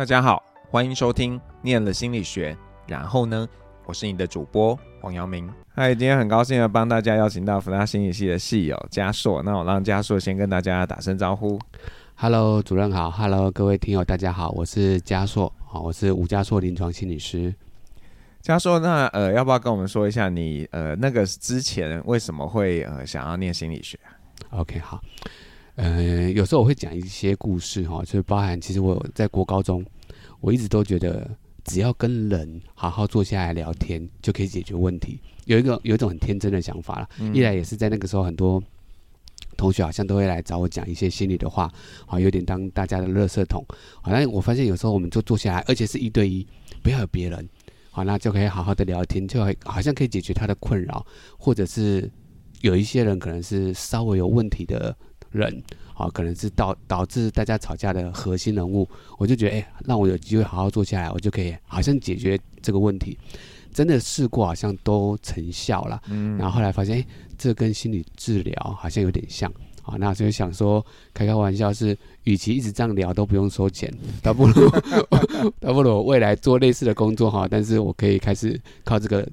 大家好，歡迎收聽《念了心理學》，然後呢，我是你的主播黃揚名。嗨，今天很高興的幫大家邀請到輔大心理系的系友家碩，那我讓家碩先跟大家打聲招呼。Hello，主任好，Hello，各位聽友大家好，我是家碩，好，我是吳家碩臨床心理師。家碩，那呃，要不要跟我們說一下你呃那個之前為什麼會呃想要念心理學？OK，好。呃，有時候我會講一些故事哈，就包含其實我在國高中，我一直都覺得只要跟人好好坐下來聊天，就可以解決問題。有一個有一種很天真的想法了，嗯、一來也是在那個時候，很多同學好像都會來找我講一些心裡的話，好有點當大家的垃圾桶。反正我發現有時候我們就坐下來，而且是一對一，不要有別人，好，那就可以好好的聊天，就會好像可以解決他的困擾，或者是有一些人可能是稍微有問題的人，啊、哦，可能是導導致大家吵架的核心人物，我就覺得，哎、欸，讓我有機會好好坐下來，我就可以好像解決這個問題。真的試過，好像都成效了，嗯。然後後來發現，欸，這跟心理治療好像有點像，啊、哦，那所以想說開開玩笑是，是與其一直這樣聊都不用收錢，倒 Okay. 不如倒 不如我未來做類似的工作哈，但是我可以開始靠這個。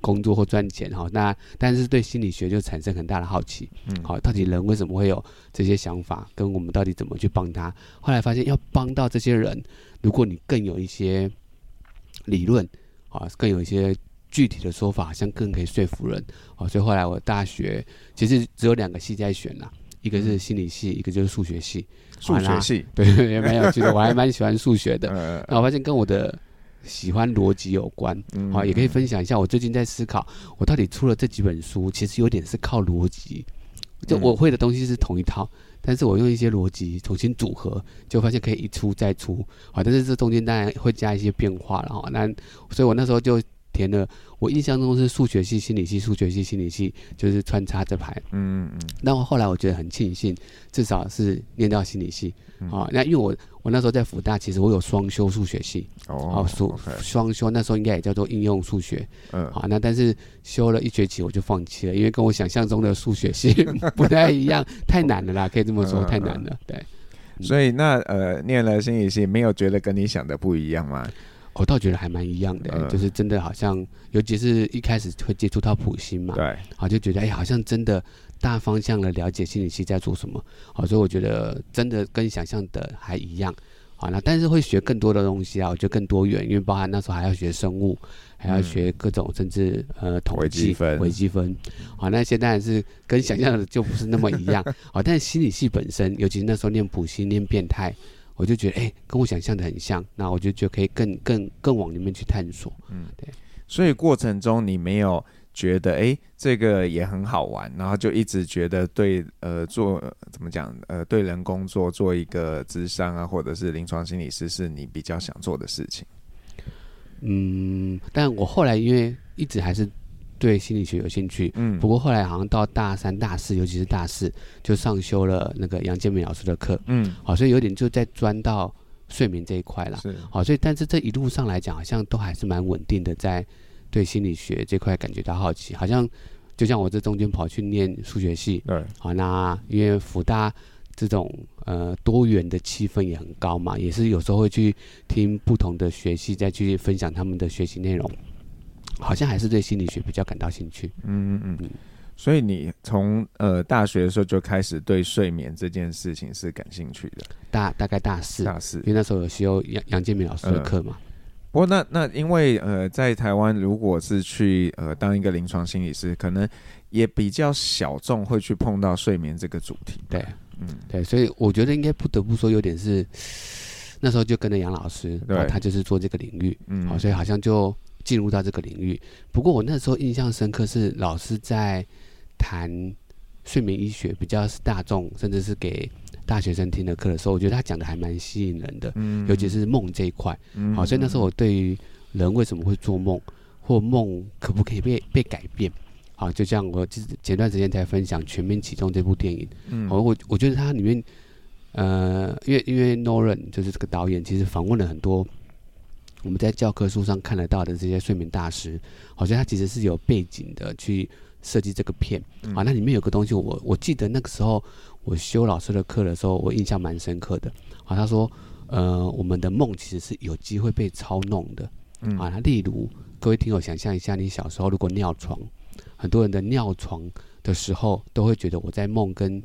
工作或賺錢哈，那但是對心理學就產生很大的好奇，嗯，好，到底人為什麼會有這些想法，跟我們到底怎麼去幫他？後來發現要幫到這些人，如果你更有一些理論，啊，更有一些具體的說法，好像更可以說服人。哦，所以後來我大學其實只有兩個系在選了，一個是心理系，一個就是數學系。數學系，對，也蠻有趣的。 我還蠻喜歡數學的。哎哎哎哎，那我發現跟我的。喜歡邏輯有關好、嗯嗯啊，也可以分享一下。我最近在思考，我到底出了這幾本書，其實有點是靠邏輯。就我會的東西是同一套，但是我用一些邏輯重新組合，就發現可以一出再出好、啊，但是這中間當然會加一些變化，然、啊、那，所以我那時候就填了。我印象中是數學系、心理系、數學系、心理系，就是穿插着排。嗯嗯嗯。那、嗯、我後來我覺得很慶幸，至少是念到心理系啊、嗯哦。那因為我我那時候在輔大，其實我有雙修數學系哦，雙雙、哦、okay 修那時候應該也叫做應用數學。嗯。好、哦，那但是修了一學期我就放棄了，因為跟我想象中的數學系不太一樣， 太難了啦，可以這麼說，嗯、太難了。對。所以那呃，念了心理系，沒有覺得跟你想的不一樣嗎？我倒覺得還蠻一樣的、欸，嗯、就是真的好像，尤其是一開始會接觸到普心嘛，對啊就覺得哎、欸、好像真的大方向的了解心理系在做什麼，好、啊，所以我覺得真的跟想象的還一樣，好、啊，那但是會學更多的東西啊，我覺得更多元，因為包含那時候還要學生物，嗯、還要學各種甚至呃統計、微積分，好、啊，那現在是跟想象的就不是那麼一樣，好、 啊，但是心理系本身，尤其那時候念普心念變態。我就覺得，哎、欸，跟我想象的很像，那我就覺得可以更、更、更往裡面去探索。嗯，對。所以過程中你沒有覺得，哎、欸，這個也很好玩，然後就一直覺得對，呃，做呃怎麼講，呃，對人工作做一個諮商啊，或者是臨床心理師，是你比較想做的事情。嗯，但我後來因為一直還是。對心理學有興趣，嗯，不過後來好像到大三、大四，嗯、尤其是大四，就上修了那個楊建明老師的課，嗯，好、啊，所以有點就在鑽到睡眠這一塊了，是，好、啊，所以但是這一路上來講，好像都還是蠻穩定的，在對心理學這塊感覺到好奇，好像就像我這中間跑去念數學系，好對、啊，那因為輔大這種呃多元的氣氛也很高嘛，也是有時候會去聽不同的學系再去分享他們的學習內容。嗯好像還是對心理學比較感到興趣，嗯嗯嗯，所以你從呃大學的時候就開始對睡眠這件事情是感興趣的，大大概大四大四，因為那時候有修楊楊建銘老師的課嘛、呃。不過那那因為呃在台灣，如果是去呃當一個臨床心理師，可能也比較小眾，會去碰到睡眠這個主題。對，嗯，對，所以我覺得應該不得不說，有點是那時候就跟着楊老師，對，然後他就是做這個領域，嗯，好、喔，所以好像就。進入到這個領域，不過我那時候印象深刻是老師在談睡眠醫學，比較是大眾甚至是給大學生聽的課的時候，我覺得他講的還蠻吸引人的，嗯哼，尤其是夢這一塊，嗯、哼好，所以那時候我對於人為什麼會做夢，或夢可不可以被被改變，好，就像我就是前段時間才分享《全面啟動》這部電影，嗯，我我我覺得它裡面，呃，因為因為諾蘭,就是這個導演，其實訪問了很多。我們在教科書上看得到的這些睡眠大師，好像他其實是有背景的去設計這個片、嗯、啊。那裡面有個東西我，我我記得那個時候我修老師的課的時候，我印象蠻深刻的啊。他說，呃，我們的夢其實是有機會被操弄的，嗯啊。那例如各位聽友想象一下，你小時候如果尿床，很多人的尿床的時候都會覺得我在夢跟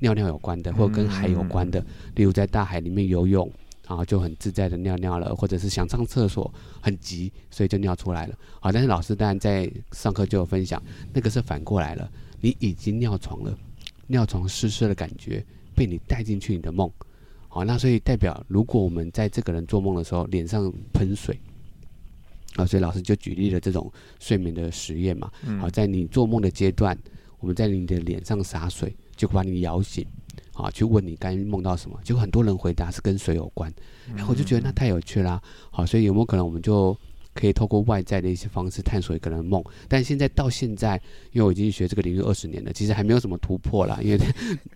尿尿有關的，或者跟海有關的。嗯、例如在大海裡面游泳。然後就很自在的尿尿了，或者是想上廁所很急，所以就尿出來了。好、啊，但是老師當然在上課就有分享，那個是反過來了，你已經尿床了，尿床濕濕的感覺被你帶進去你的夢。好、啊，那所以代表如果我們在這個人做夢的時候臉上噴水，啊，所以老師就舉例了這種睡眠的實驗嘛。好、啊，在你做夢的階段，我們在你的臉上灑水，就把你搖醒。啊，去問你剛夢到什麼，結果很多人回答是跟水有關，然、欸、後我就覺得那太有趣啦、啊。好，所以有沒有可能我們就可以透過外在的一些方式探索一個人的夢？但現在到現在，因為我已經學這個領域二十年了，其實還沒有什麼突破啦。因為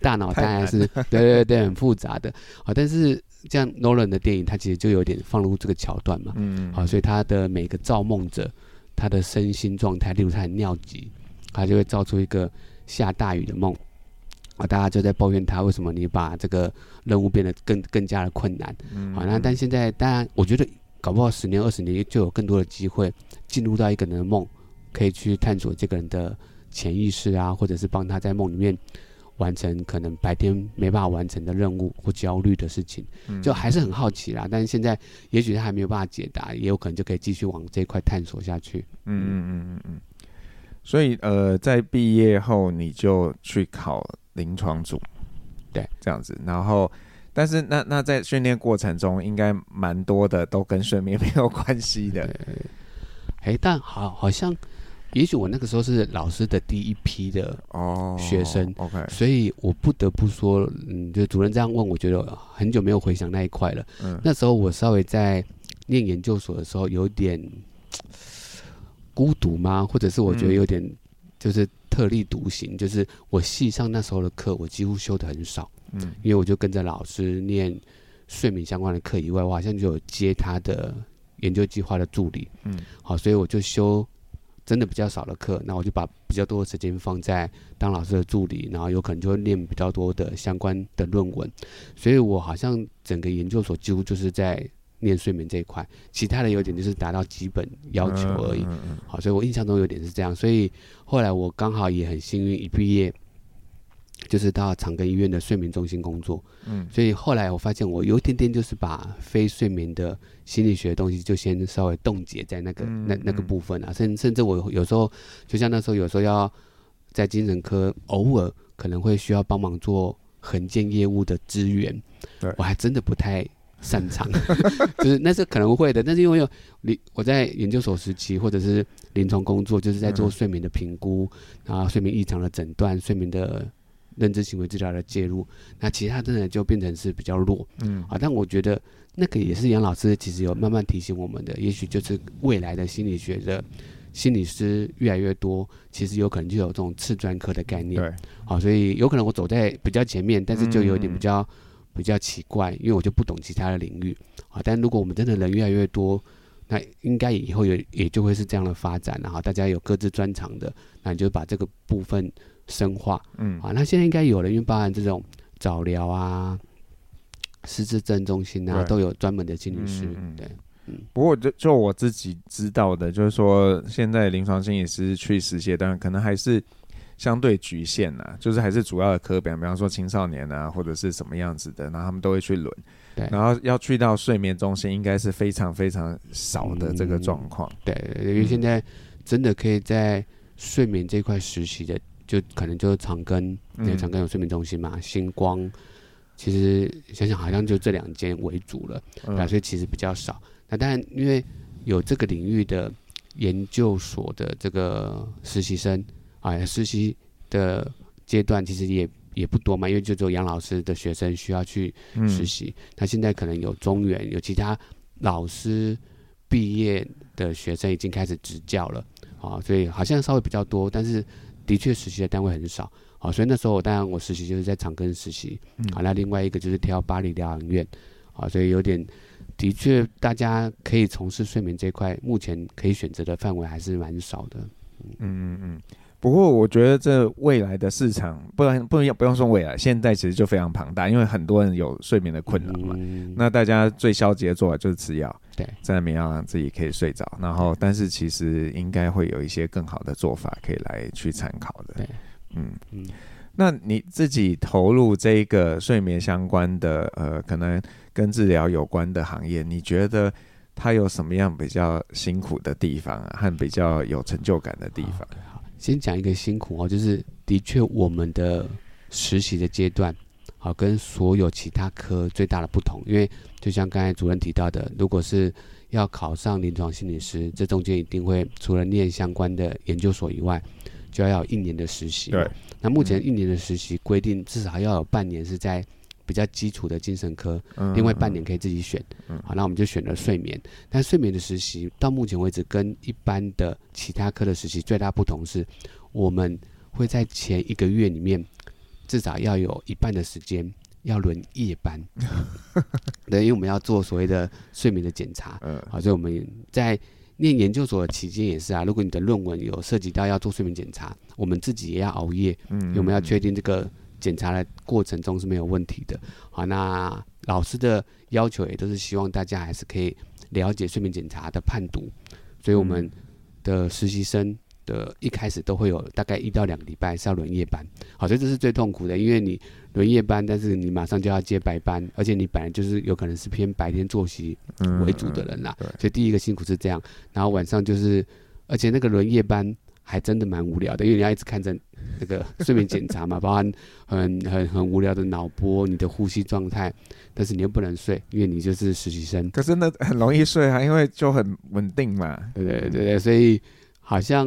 大腦當然是太暗 對對對,對很複雜的。好，但是這樣 Nolan 的電影，它其實就有點放入這個橋段嘛。嗯。好，所以他的每個造夢者，他的身心狀態，例如他很尿急，他就會造出一個下大雨的夢。啊，大家就在抱怨他為什麼你把這個任務變得更更加的困難？好，那但現在當然，我覺得搞不好十年二十年就有更多的機會進入到一個人的夢，可以去探索這個人的潛意識啊，或者是幫他在夢裡面完成可能白天沒辦法完成的任務或焦慮的事情，就還是很好奇啦。但現在也許他還沒有辦法解答，也有可能就可以繼續往這一塊探索下去。嗯嗯嗯嗯嗯。所以呃，在畢業後你就去考。臨床組，對，這樣子。對然後，但是那那在訓練過程中，應該蠻多的都跟睡眠沒有關係的。哎、欸，但好，好像，也許我那個時候是老師的第一批的學生。哦、OK，所以我不得不說，嗯，就主任這樣問，我覺得很久沒有回想那一塊了。嗯、那時候我稍微在念研究所的時候，有點孤獨嗎？或者是我覺得有點就是、嗯。特立獨行，就是我系上那時候的課，我幾乎修得很少，嗯，因為我就跟着老師念睡眠相關的課以外，我好像就有接他的研究計劃的助理，嗯，好，所以我就修真的比較少的課，那我就把比較多的時間放在當老師的助理，然後有可能就會念比較多的相關的論文，所以我好像整個研究所幾乎就是在。念睡眠這一塊，其他的優點就是達到基本要求而已。好，所以我印象中有點是這樣。所以後來我剛好也很幸運，一畢業就是到長庚醫院的睡眠中心工作。嗯，所以後來我發現我有一點點就是把非睡眠的心理學的東西就先稍微凍結在那個嗯嗯那那個部分啊。甚甚至我有時候，就像那時候有時候要在精神科偶爾可能會需要幫忙做衡鑑業務的支援，對，我還真的不太擅長，就是那是可能會的， 但是因為有你我在研究所時期或者是臨床工作，就是在做睡眠的評估、嗯、然後睡眠異常的診斷，睡眠的認知行為治療的介入，那其他真的就變成是比較弱，嗯，啊，但我覺得那個也是楊老師其實有慢慢提醒我們的，也許就是未來的心理學的，心理師越來越多，其實有可能就有這種次專科的概念，對，好，啊，所以有可能我走在比較前面，但是就有一點比較，嗯。嗯比較奇怪，因為我就不懂其他的領域啊。但如果我們真的人越來越多，那應該以後也也，就會是這樣的發展然後、啊、大家有各自專長的，那你就把這個部分深化，嗯、啊，那現在應該有了，因為包含這種早療啊、失智症中心啊，對都有專門的心理師。嗯、對，嗯，不過就，就我自己知道的，就是說現在臨床心理師去實踐，當然可能還是。相對局限吶、啊，就是還是主要的科別，比方說青少年啊，或者是什麼樣子的，那他們都會去輪。對。然後要去到睡眠中心，應該是非常非常少的這個狀況、嗯。對，因為現在真的可以在睡眠這塊實習的，就可能就是長庚，因、嗯、長庚有睡眠中心嘛，星光，其實想想好像就這兩間為主了，所以其實比較少。嗯、那當然，因為有這個領域的研究所的這個實習生。啊、哎，實習的階段其實也也不多嘛，因為就只有楊老師的學生需要去實習。嗯、那現在可能有中原，有其他老師畢業的學生已經開始執教了啊，所以好像稍微比較多，但是的確實習的單位很少啊。所以那時候，我當然我實習就是在長庚實習啊。那另外一個就是挑巴黎療養院啊，所以有點的確大家可以從事睡眠這塊，目前可以選擇的範圍還是蠻少的。嗯嗯，嗯嗯。不過我覺得這未來的市場，不然不用不用說未來，現在其實就非常龐大，因為很多人有睡眠的困擾嘛。嗯、那大家最消極的做法就是吃藥，對，在那邊讓自己可以睡着。然後，但是其實應該會有一些更好的做法可以來去參考的。對，嗯，嗯，那你自己投入這一個睡眠相關的呃，可能跟治療有關的行業，你覺得它有什麼樣比較辛苦的地方，啊，和比較有成就感的地方？先講一個辛苦哦，就是的確我們的實習的階段，好，跟所有其他科最大的不同，因為就像剛才主任提到的，如果是要考上臨床心理師，這中間一定會除了念相關的研究所以外，就要有一年的實習。對，那目前一年的實習規定至少要有半年是在比較基礎的精神科，另外半年可以自己選。好，那我們就選了睡眠。但睡眠的實習到目前為止，跟一般的其他科的實習最大不同是，我們會在前一個月裡面至少要有一半的時間要輪夜班。對，因為我們要做所謂的睡眠的檢查。嗯，好，所以我們在念研究所的期間也是啊。如果你的論文有涉及到要做睡眠檢查，我們自己也要熬夜。嗯，我們要確定這個。檢查的過程中是沒有問題的，好，那老師的要求也都是希望大家還是可以了解睡眠檢查的判讀，所以我們的實習生的一開始都會有大概一到兩個禮拜是要輪夜班，好，所以這是最痛苦的，因為你輪夜班，但是你馬上就要接白班，而且你本來就是有可能是偏白天作息為主的人啦，嗯嗯，所以第一個辛苦是這樣，然後晚上就是，而且那個輪夜班。還真的蠻無聊的，因為你要一直看着那個睡眠檢查嘛， 包含很很很無聊的腦波、你的呼吸狀態，但是你又不能睡，因為你就是實習生。可是那很容易睡啊，嗯、因為就很穩定嘛。對對對對，所以好像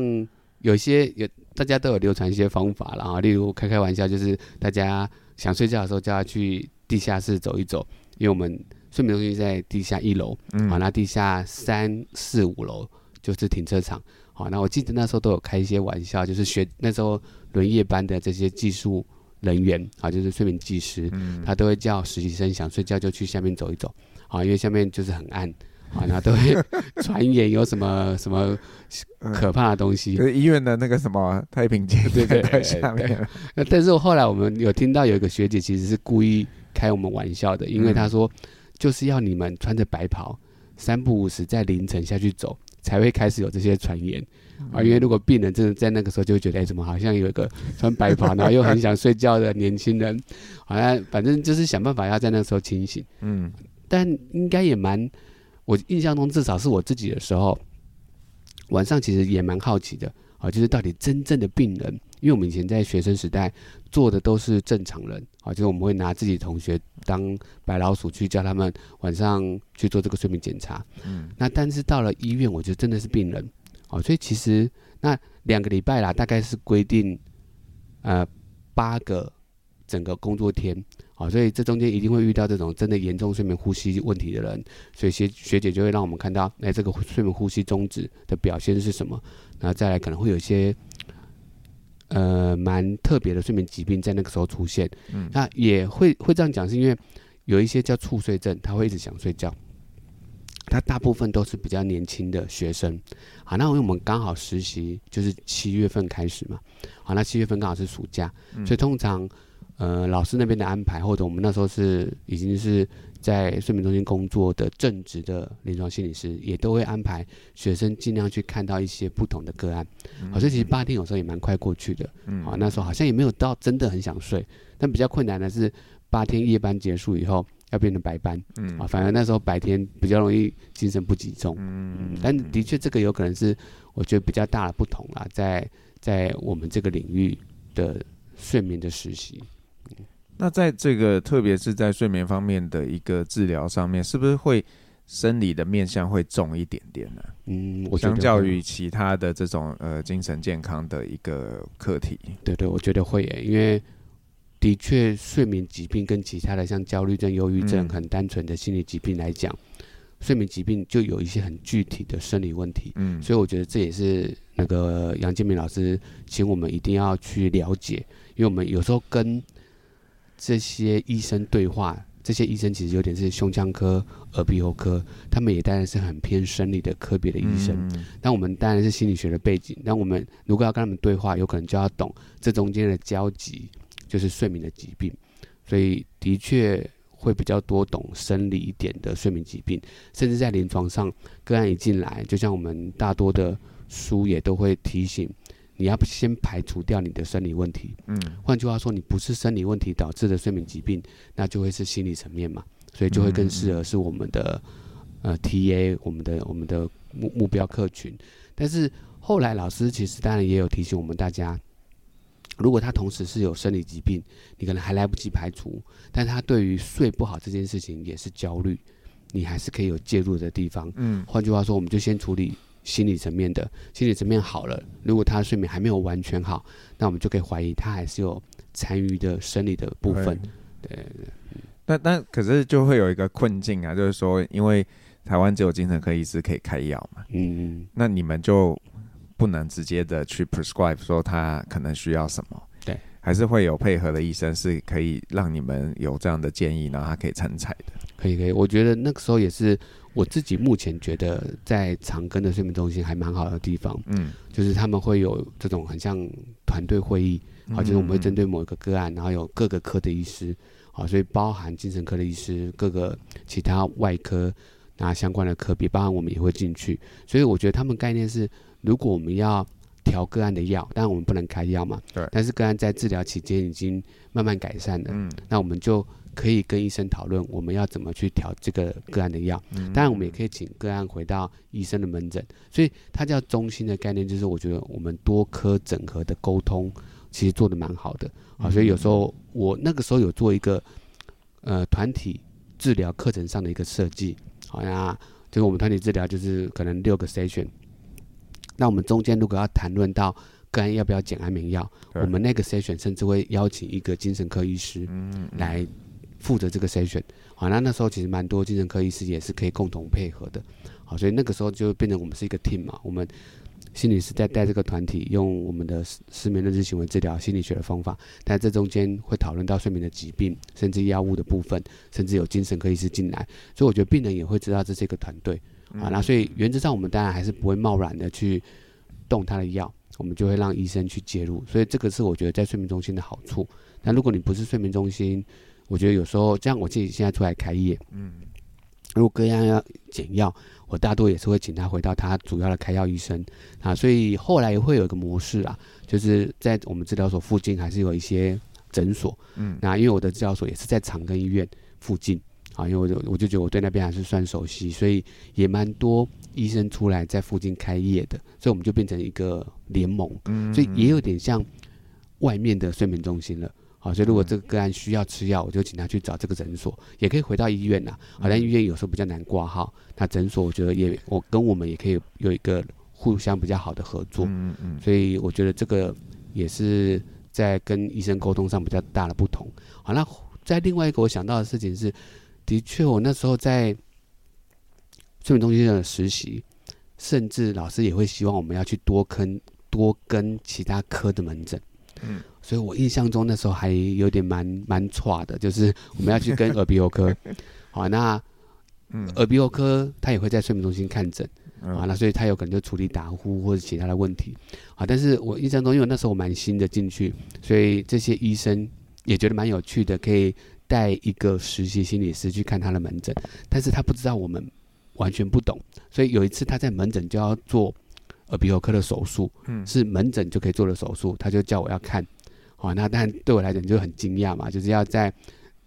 有些有大家都有流傳一些方法啦。啊，例如開開玩笑，就是大家想睡覺的時候叫他去地下室走一走，因為我們睡眠中心在地下一樓，完、嗯啊、那地下三四五樓就是停車場。好、哦，那我記得那時候都有開一些玩笑，就是學那時候輪夜班的這些技術人員啊，就是睡眠技師，他都會叫實習生想睡覺就去下面走一走，啊，因為下面就是很暗，啊，那都會傳言有什麼 什麼可怕的東西，嗯，就是醫院的那個什麼太平間在下面。那但是我後來我們有聽到有一個學姐其實是故意開我們玩笑的，因為她說就是要你們穿着白袍三不五時在凌晨下去走，才會開始有這些傳言、嗯、啊，因為如果病人真的在那個時候就會覺得，哎、欸，怎麼好像有一個穿白袍，然後又很想睡覺的年輕人，好像、 啊、反正就是想辦法要在那個時候清醒。嗯，但應該也蠻，我印象中至少是我自己的時候，晚上其實也蠻好奇的啊，就是到底真正的病人。因為我們以前在學生時代做的都是正常人，啊，就是我們會拿自己同學當白老鼠去教他們晚上去做這個睡眠檢查，嗯，那但是到了醫院，我覺得真的是病人，啊，所以其實那兩個禮拜啦，大概是規定，呃，八個整個工作天，啊，所以這中間一定會遇到這種真的嚴重睡眠呼吸問題的人，所以學學姐就會讓我們看到，哎，這個睡眠呼吸中止的表現是什麼，然後再來可能會有一些。呃，蠻特別的睡眠疾病，在那個時候出現，嗯、那也會會這樣講，是因為有一些叫猝睡症，他會一直想睡覺，他大部分都是比較年輕的學生，好，那因為我們剛好實習就是七月份開始嘛，好，那七月份剛好是暑假，嗯、所以通常，呃，老師那邊的安排，或者我們那時候是已經是。在睡眠中心工作的正職的臨床心理師，也都會安排學生儘量去看到一些不同的個案。好像其實八天有時候也蠻快過去的。嗯，啊，那時候好像也沒有到真的很想睡，但比較困難的是八天夜班結束以後要變成白班。嗯，啊，反而那時候白天比較容易精神不集中。嗯，但的確這個有可能是我覺得比較大的不同啊，在在我們這個領域的睡眠的實習。那在這個，特別是在睡眠方面的一個治療上面，是不是會生理的面向會重一點點呢？啊？嗯，我相較於其他的這種呃精神健康的一個課題，對，對對，我覺得會耶，因為的確睡眠疾病跟其他的像焦慮症、憂鬱症、嗯、很單純的心理疾病來講，睡眠疾病就有一些很具體的生理問題。嗯，所以我覺得這也是那個楊建明老師請我們一定要去了解，因為我們有時候跟這些醫生對話，這些醫生其實有點是胸腔科、耳鼻喉科，他們也當然是很偏生理的科別的醫生。那、嗯、但我們當然是心理學的背景，那我們如果要跟他們對話，有可能就要懂這中間的交集，就是睡眠的疾病。所以的確會比較多懂生理一點的睡眠疾病，甚至在臨床上個案一進來，就像我們大多的書也都會提醒。你要先排除掉你的生理問題，嗯，換句話說，你不是生理問題導致的睡眠疾病，那就會是心理層面嘛，所以就會更適合是我們的，嗯嗯呃，T A，我們的我們的目目標客群。但是後來老師其實當然也有提醒我們大家，如果他同時是有生理疾病，你可能還來不及排除，但他對於睡不好這件事情也是焦慮，你還是可以有介入的地方。嗯，換句話說，我們就先處理。心理層面的，心理層面好了，如果他的睡眠還沒有完全好，那我們就可以懷疑他還是有殘餘的生理的部分。對。但對可是就會有一個困境啊，就是說，因為台灣只有精神科醫師可以開藥嘛。嗯嗯。那你們就不能直接的去 prescribe 說他可能需要什麼？對。還是會有配合的醫生是可以讓你們有這樣的建議，然後他可以參採的。可以可以，我覺得那個時候也是，我自己目前覺得在長庚的睡眠中心還蠻好的地方，嗯，就是他們會有這種很像團隊會議，嗯、好，就是我們會針對某一個，個個案，然後有各個科的醫師，好，所以包含精神科的醫師，各個其他外科那相關的科，也包含我們也會進去。所以我覺得他們概念是，如果我們要調個案的藥，但我們不能開藥嘛，對，但是個案在治療期間已經慢慢改善了，嗯，那我們就。可以跟醫生討論我們要怎麼去調這個個案的藥，當然、嗯嗯、我們也可以請個案回到醫生的門診。所以它叫中心的概念，就是我覺得我們多科整合的溝通其實做得蠻好的。啊，所以有時候我那個時候有做一個呃團體治療課程上的一個設計，好、啊、呀，就是我們團體治療就是可能六個 session，那我們中間如果要談論到個案要不要減安眠藥，對我們那個 session 甚至會邀請一個精神科醫師來。負責這個篩選，好，那那時候其實蠻多精神科醫師也是可以共同配合的，好，所以那個時候就變成我們是一個 team 嘛，我們心理師在帶這個團體，用我們的失失眠認知行為治療心理學的方法，但這中間會討論到睡眠的疾病，甚至藥物的部分，甚至有精神科醫師進來，所以我覺得病人也會知道這是一個團隊，好，那所以原則上我們當然還是不會貿然的去動他的藥，我們就會讓醫生去介入，所以這個是我覺得在睡眠中心的好處。那如果你不是睡眠中心，我覺得有時候這樣，我自己現在出來開業，嗯，如果個案要減藥，我大多也是會請他回到他主要的開藥醫生啊，所以後來也會有一個模式啊，就是在我們治療所附近還是有一些診所，嗯、啊，那因為我的治療所也是在長庚醫院附近啊，因為我就我就覺得我對那邊還是算熟悉，所以也蠻多醫生出來在附近開業的，所以我們就變成一個聯盟，嗯，所以也有點像外面的睡眠中心了。好、哦，所以如果這個個案需要吃藥，我就請他去找這個診所，也可以回到醫院吶。好像醫院有時候比較難掛號，那診所我覺得也，我跟我們也可以有一個互相比較好的合作。嗯，嗯。所以我覺得這個也是在跟醫生溝通上比較大的不同。好、哦，那在另外一個我想到的事情是，的確我那時候在睡眠中心的實習，甚至老師也會希望我們要去多跟多跟其他科的門診。嗯。所以我印象中那時候還有點蠻蠻跨的，就是我們要去跟耳鼻喉科， 好那，耳鼻喉科他也會在睡眠中心看診，啊，那所以他有可能就處理打呼或者其他的問題，好，但是我印象中因為那時候我蠻新的進去，所以這些醫生也覺得蠻有趣的，可以帶一個實習心理師去看他的門診，但是他不知道我們完全不懂，所以有一次他在門診就要做耳鼻喉科的手術，是門診就可以做的手術，他就叫我要看。啊、哦，那但對我來講就很驚訝嘛，就是要在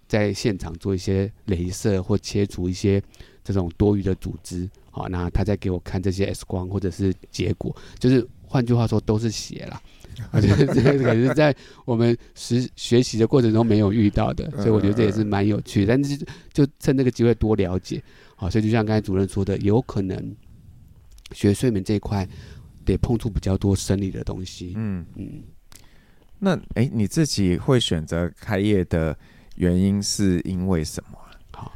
在現場做一些鐳射或切除一些這種多餘的組織。好、哦，那他再給我看這些 X 光或者是結果，就是換句話說都是血啦。我覺得這個是在我們實學習的過程中沒有遇到的，所以我覺得這也是蠻有趣。但是就趁這個機會多了解。好、哦，所以就像剛才主任說的，有可能學睡眠這一塊得碰觸比較多生理的東西。嗯嗯。嗯那哎、欸，你自己會選擇開業的原因是因為什麼？好、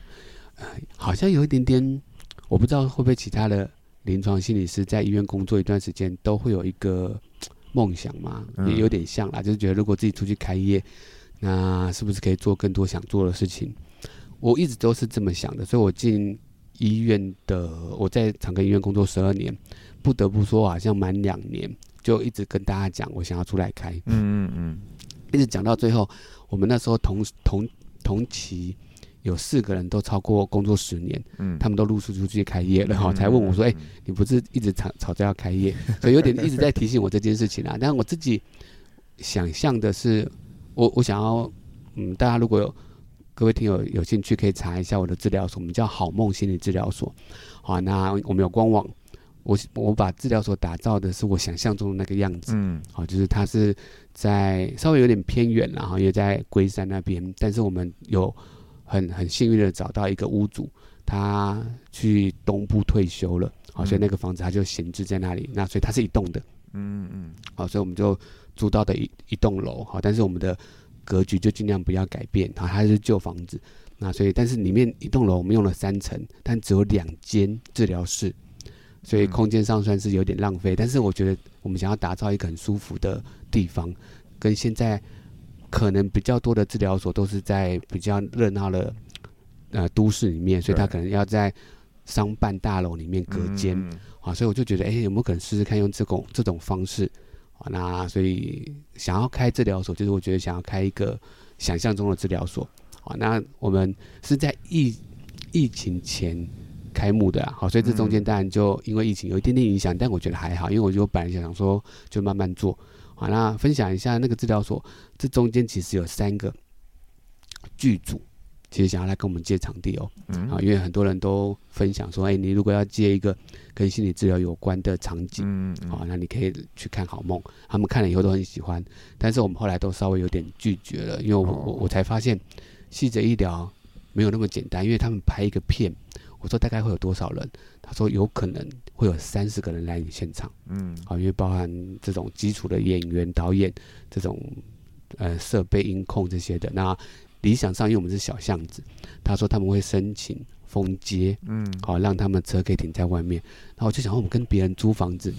呃，好像有一點點，我不知道會不會其他的臨床心理師在醫院工作一段時間都會有一個夢想嘛，也有點像啦，嗯、就是覺得如果自己出去開業，那是不是可以做更多想做的事情？我一直都是這麼想的，所以我進。醫院的，我在長庚醫院工作十二年，不得不說，好像滿兩年就一直跟大家講，我想要出來開，嗯嗯嗯，一直講到最後，我們那時候同同同期有四個人都超過工作十年，嗯，他們都陸續出去開業了哈，才問我說，哎，你不是一直吵吵著要開業，所以有點一直在提醒我這件事情啊。但我自己想象的是，我我想要，嗯，大家如果有。各位聽友有興趣可以查一下我的治療所，我們叫好夢心理治療所，好、啊，那我們有官網，我我把治療所打造的是我想象中的那個樣子，嗯，好、啊，就是它是在稍微有點偏遠、啊，然後也在龜山那邊，但是我們有很很幸運的找到一個屋主，他去東部退休了，好、啊，所以那個房子它就閒置在那裡，嗯、那所以它是一棟的，嗯嗯，好、啊，所以我們就租到的一一棟樓，好、啊，但是我們的。格局就盡量不要改變啊，它還是舊房子，那所以但是裡面一棟樓我們用了三層，但只有兩間治療室，所以空間上算是有點浪費。嗯、但是我覺得我們想要打造一個很舒服的地方，跟現在可能比較多的治療所都是在比較熱鬧的呃都市裡面，所以他可能要在商辦大樓裡面隔間好、嗯啊，所以我就覺得，哎、欸，有沒有可能試試看用這種這種方式。那所以想要開治療所，就是我覺得想要開一個想象中的治療所。好，那我們是在疫疫情前開幕的，好，所以這中間當然就因為疫情有一點點影響，但我覺得還好，因為我就本來想說就慢慢做。好，那分享一下那個治療所，這中間其實有三個劇組。其實想要來跟我們借場地哦，啊，因為很多人都分享說，哎、欸，你如果要借一個跟心理治療有關的場景，啊，那你可以去看好夢，他們看了以後都很喜歡，但是我們後來都稍微有點拒絕了，因為我我才發現，細節醫療沒有那麼簡單，因為他們拍一個片，我說大概會有多少人，他說有可能會有三十個人來你現場，嗯、啊，好，因為包含這種基礎的演員、導演、這種呃設備、音控這些的那。理想上，因為我們是小巷子，他說他們會申請封街，嗯，好、哦，讓他們車可以停在外面。然後我就想說，我們跟別人租房子，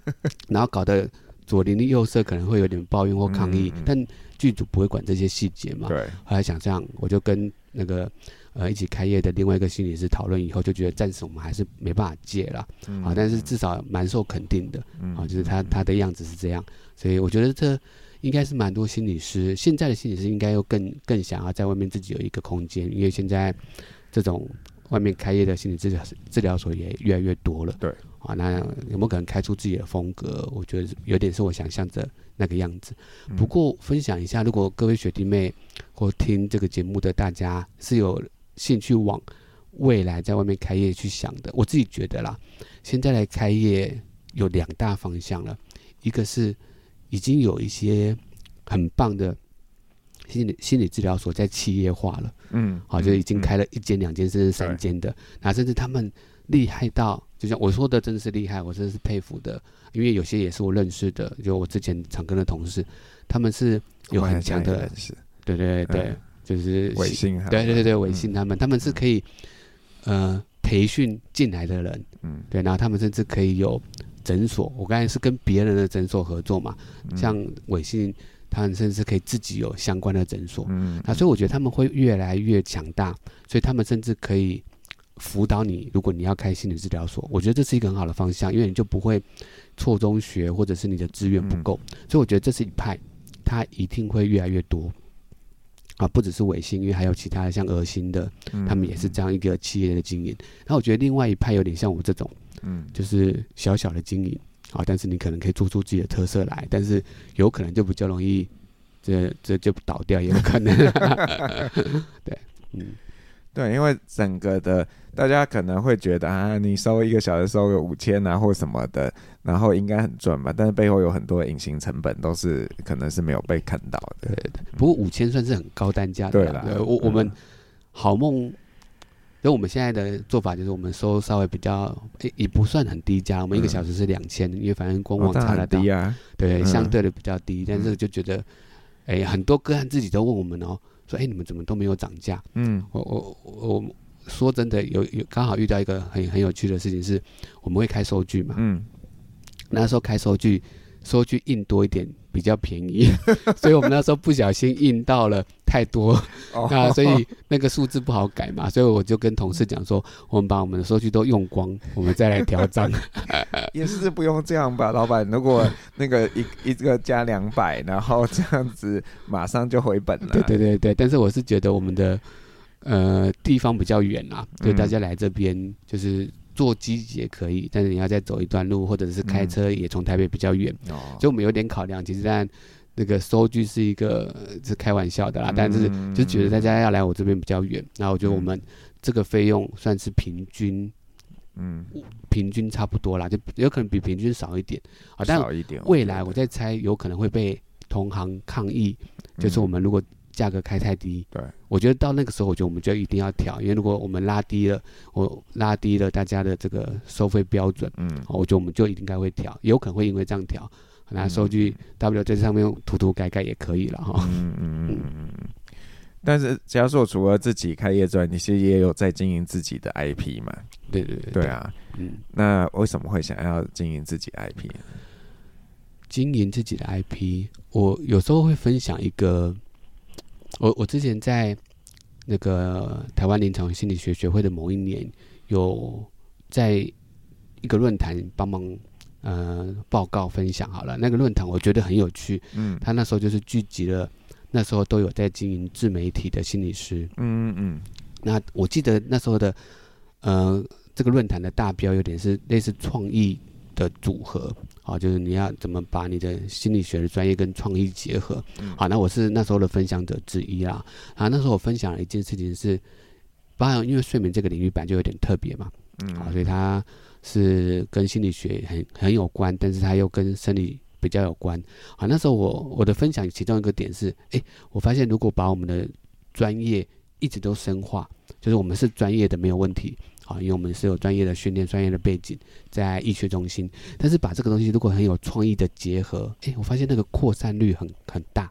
然後搞得左鄰右舍可能會有點抱怨或抗議，嗯嗯但劇組不會管這些細節嘛？對。後來想這樣，我就跟那個呃一起開業的另外一個心理師討論以後，就覺得暫時我們還是沒辦法借了，好嗯嗯、啊，但是至少蠻受肯定的，好嗯嗯嗯、啊，就是他他的樣子是這樣，所以我覺得這。應該是蠻多心理師，現在的心理師應該又更更想要在外面自己有一個空間，因為現在這種外面開業的心理治療治療所也越來越多了。對啊，那有沒有可能開出自己的風格？我覺得有點是我想象着那個樣子。嗯。不過分享一下，如果各位學弟妹或聽這個節目的大家是有興趣往未來在外面開業去想的，我自己覺得啦，現在來開業有兩大方向了，一個是。已經有一些很棒的心理心理治療所在企業化了，嗯，好，就已經開了一間、兩間甚至三間的，那甚至他們厲害到，就像我說的，真的是厲害，我真的是佩服的。因為有些也是我認識的，就我之前常跟的同事，他們是有很強的，是，對對對，就是微信，對對對對微信，他們他們是可以呃培訓進來的人，嗯，對，然後他們甚至可以有。診所，我剛才是跟別人的診所合作嘛，像偉信，他們甚至可以自己有相關的診所，那、嗯啊、所以我覺得他們會越來越強大，所以他們甚至可以輔導你，如果你要開心理治療所，我覺得這是一個很好的方向，因為你就不會錯中學或者是你的資源不夠，嗯、所以我覺得這是一派，他一定會越來越多。啊，不只是偉星，因為還有其他的像惡心的，他們也是這樣一個企業的經營。那、嗯啊、我覺得另外一派有點像我這種，嗯，就是小小的經營，啊，但是你可能可以做出自己的特色來，但是有可能就比較容易，這這就倒掉也有可能。 對，嗯，對，因為整個的。大家可能會覺得啊，你收一個小時收個五千啊，或什麼的，然後應該很賺吧？但是背後有很多隱形成本都是可能是沒有被看到的。對，不過五千算是很高單價了。對，啦對，我、嗯、我們好夢，所以我們現在的做法就是我們收稍微比較、欸、也不算很低價，我們一個小時是兩千、嗯，因為反正官網查得到、哦、低啊，對，嗯、相對的比較低，但是就覺得哎、欸，很多個案自己都問我們哦、喔，說哎、欸，你們怎麼都沒有漲價？嗯，我我我。我我說真的，有有剛好遇到一個很很有趣的事情是，是我們會開收據嘛，嗯，那時候開收據，收據印多一點比較便宜， 所以我們那時候不小心印到了太多那、哦啊、所以那個數字不好改嘛，所以我就跟同事講說，嗯、我們把我們的收據都用光，我們再來調賬。 也是不用這樣吧，老闆，如果那個一一個加兩百，然後這樣子馬上就回本了。對對對對，但是我是覺得我們的。呃，地方比較遠啊，就大家來這邊就是坐機也可以，嗯、但是你要再走一段路，或者是開車也從台北比較遠，嗯哦、所以我們有點考量。其實當然那個收據是一個是開玩笑的啦，嗯、但是就覺得大家要來我這邊比較遠，嗯、然後我覺得我們這個費用算是平均，嗯，平均差不多啦，就有可能比平均少一點，好、啊，但未來我在猜有可能會被同行抗議，嗯、就是我們如果。價格開太低，對，我覺得到那個時候，我覺得我們就一定要調，因為如果我們拉低了，我拉低了大家的這個收費標準，嗯，我覺得我們就應該會調，有可能會因為這樣調，拿收據 W 在上面塗塗改改也可以了哈。嗯，嗯，但是家碩除了自己開業之外，你是也有在經營自己的 IP 嘛？對，對對對，對啊。嗯，那為什麼會想要經營自己 IP 呢？經營自己的 IP，我有時候會分享一個。我我之前在那個台灣臨床心理學學會的某一年，有在一個論壇幫忙呃報告分享好了，那個論壇我覺得很有趣，嗯，他那時候就是聚集了那時候都有在經營自媒體的心理師，嗯嗯，那我記得那時候的呃這個論壇的大標有點是類似創意。的組合好、啊，就是你要怎麼把你的心理學的專業跟創意結合？好、嗯啊，那我是那時候的分享者之一啦。啊，那時候我分享了一件事情是，包含因為睡眠這個領域本來就有點特別嘛，嗯，好、啊，所以它是跟心理學很很有關，但是它又跟生理比較有關。好、啊，那時候我我的分享其中一個點是，哎，我發現如果把我們的專業一直都深化，就是我們是專業的沒有問題。啊，因為我們是有專業的訓練、專業的背景，在醫學中心，但是把這個東西如果很有創意的結合，哎，我發現那個擴散率很很大。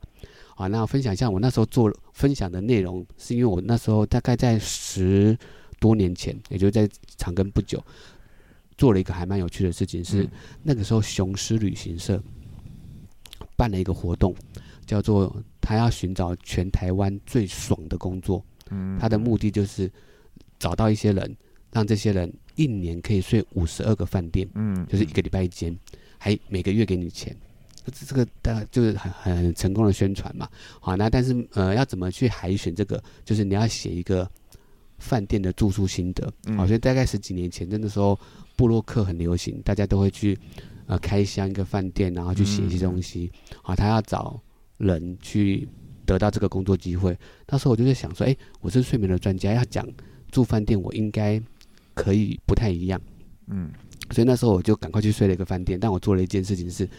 啊，那我分享一下我那時候做分享的內容，是因為我那時候大概在十多年前，也就在長庚不久，做了一個還蠻有趣的事情，是、嗯、那個時候雄獅旅行社辦了一個活動，叫做他要尋找全台灣最爽的工作，嗯，他的目的就是找到一些人。讓這些人一年可以睡五十二個飯店，嗯，就是一個禮拜一間，還每個月給你錢，這這個大概就是很很成功的宣傳嘛。好，那但是呃，要怎麼去海選這個？就是你要寫一個飯店的住宿心得。好，所以大概十幾年前那個時候，部落客很流行，大家都會去呃開箱一個飯店，然後去寫一些東西。好，他要找人去得到這個工作機會。那時候我就在想說，哎、欸，我是睡眠的專家，要講住飯店，我應該。可以不太一樣，嗯，所以那時候我就趕快去睡了一個飯店，但我做了一件事情是，是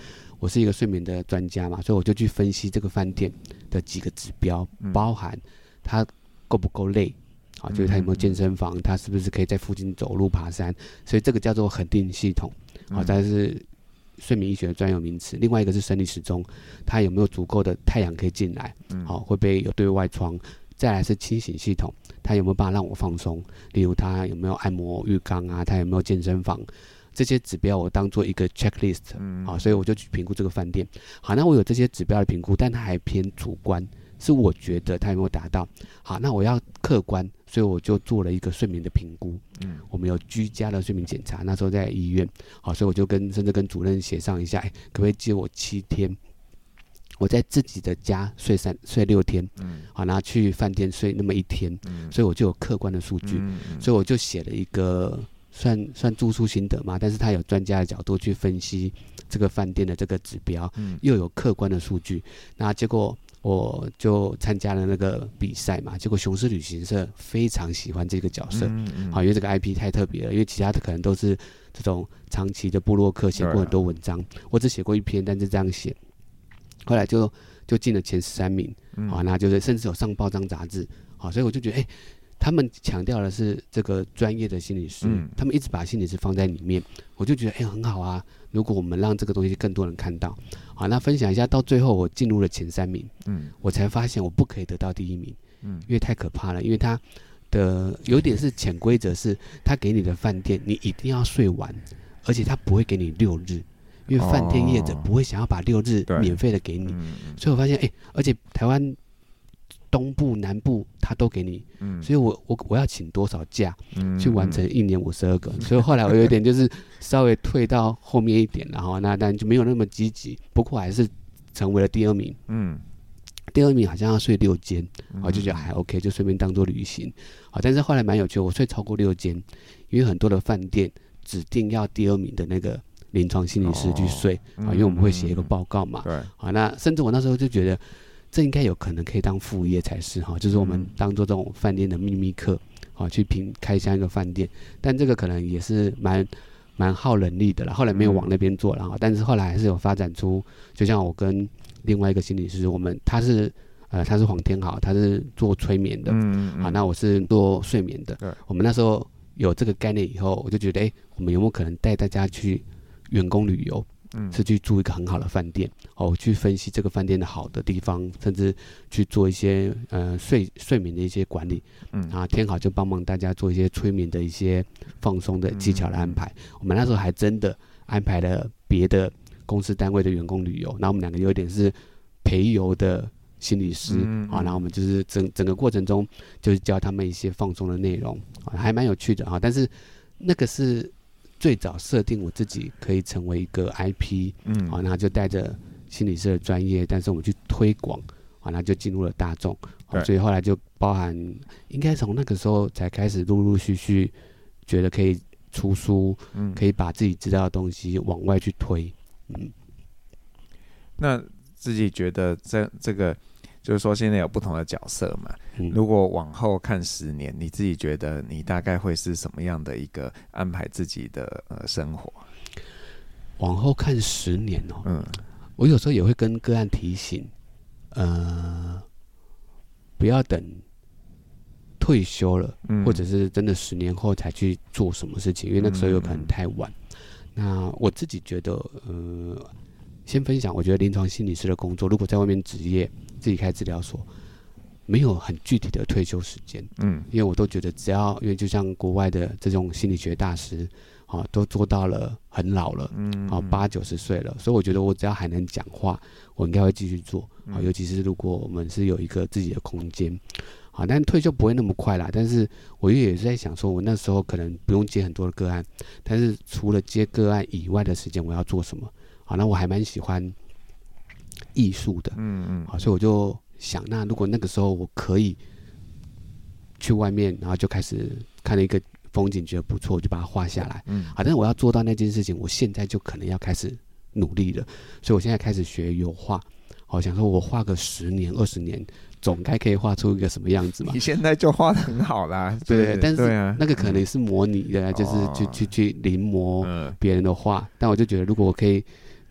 我是一個睡眠的專家嘛，所以我就去分析這個飯店的幾個指標，包含它夠不夠累、嗯、啊，就是它有沒有健身房，它是不是可以在附近走路爬山，所以這個叫做恆定系統，好，但、啊、是睡眠醫學的專有名詞，另外一個是生理時鐘，它有沒有足夠的太陽可以進來，好、啊，會不會有對外窗。再來是清醒系統，它有沒有辦法讓我放鬆？例如它有沒有按摩浴缸啊？它有沒有健身房？這些指標我當做一個 checklist 嗯，好，所以我就去評估這個飯店。好，那我有這些指標的評估，但它還偏主觀，是我覺得它有沒有達到。好，那我要客觀，所以我就做了一個睡眠的評估。嗯，我們有居家的睡眠檢查，那時候在醫院，好，所以我就跟甚至跟主任協商一下，誒、欸，可不可以借我七天？我在自己的家睡三睡六天，好、嗯啊，然後去飯店睡那麼一天，嗯、所以我就有客觀的數據，嗯、所以我就寫了一個算算住宿心得嘛，但是他有專家的角度去分析這個飯店的這個指標，嗯、又有客觀的數據，那結果我就參加了那個比賽嘛，結果雄獅旅行社非常喜歡這個角色，好、嗯嗯啊，因為這個 IP 太特別了，因為其他的可能都是這種長期的部落客，寫過很多文章，嗯、我只寫過一篇，但是這樣寫。後來就就進了前十三名好，嗯啊，那就是甚至有上報章雜誌好，所以我就覺得，誒、欸，他們強調的是這個專業的心理師，嗯、他們一直把心理師放在裡面，我就覺得，誒、欸，很好啊。如果我們讓這個東西更多人看到，好，啊，那分享一下，到最後我進入了前三名，嗯，我才發現我不可以得到第一名，嗯，因為太可怕了，因為他的有點是潛規則，是他給你的飯店，你一定要睡完，而且他不會給你六日。因為飯店業者不會想要把六日免費的給你，哦嗯、所以我發現，哎、欸，而且台灣東部、南部他都給你，嗯、所以我我我要請多少假、嗯、去完成一年五十二個，嗯、所以後來我有點就是稍微退到後面一點， 然後那那就沒有那麼積極，不過還是成為了第二名。嗯，第二名好像要睡六間，我、嗯啊、就覺得還 OK，就順便當做旅行。好、啊，但是後來蠻有趣，我睡超過六間，因為很多的飯店指定要第二名的那個。臨床心理師去睡、oh, 啊，因為我們會寫一個報告嘛。對、mm hmm. 啊，那甚至我那時候就覺得，這應該有可能可以當副業才是哈、啊，就是我們當做這種飯店的秘密客啊，去評開箱一個飯店。但這個可能也是蠻蠻耗能力耗人力的了。後來沒有往那邊做，了、mm。哈、hmm.，但是後來還是有發展出，就像我跟另外一個心理師，我們他是呃他是黃天豪，他是做催眠的，嗯好、mm hmm. 啊，那我是做睡眠的。對、mm。Hmm. 我們那時候有這個概念以後，我就覺得，哎、欸，我們有沒有可能帶大家去？員工旅遊，是去住一個很好的飯店，嗯、哦，去分析這個飯店的好的地方，甚至去做一些呃睡睡眠的一些管理，嗯啊，天好就幫忙大家做一些催眠的一些放鬆的技巧的安排。嗯、我們那時候還真的安排了別的公司單位的員工旅遊，然後我們兩個有點是陪遊的心理師、嗯、啊，然後我們就是整整個過程中就是教他們一些放鬆的內容，啊、還蠻有趣的哈、啊。但是那個是。最早設定我自己可以成為一個 IP，嗯，好、啊，那就帶着心理師的專業，但是我們去推廣，好、啊，那就進入了大眾，啊、對，所以後來就包含應該從那個時候才開始陸陸續續覺得可以出書，可以把自己知道的東西往外去推，嗯，那自己覺得這這個。就是說，現在有不同的角色嘛。嗯、如果往後看十年，你自己覺得你大概會是什麼樣的一個安排自己的呃生活？往後看十年哦、喔，嗯，我有時候也會跟個案提醒，呃，不要等退休了，嗯、或者是真的十年後才去做什麼事情，因為那個時候有可能太晚。嗯、那我自己覺得，呃，先分享，我覺得臨床心理師的工作，如果在外面職業。自己開治療所，沒有很具體的退休時間，嗯，因為我都覺得只要，因為就像國外的這種心理學大師，啊，都做到了很老了，嗯，啊，八九十歲了，所以我覺得我只要還能講話，我應該會繼續做，啊，尤其是如果我們是有一個自己的空間，好、啊，但退休不會那麼快啦，但是我又也是在想，說我那時候可能不用接很多的個案，但是除了接個案以外的時間，我要做什麼？好、啊，那我還蠻喜歡。藝術的，嗯嗯，好、嗯哦，所以我就想，那如果那個時候我可以去外面，然後就開始看了一個風景，覺得不錯，我就把它畫下來。嗯，好、啊，但是我要做到那件事情，我現在就可能要開始努力了。所以我現在開始學油畫，好、哦、想說我畫個十年、二十年，總該可以畫出一個什麼樣子嘛？你現在就畫得很好啦、啊，對，對，但是、啊、那個可能是模擬的，嗯、就是去、哦、去去臨摹別人的畫。呃、但我就覺得，如果我可以。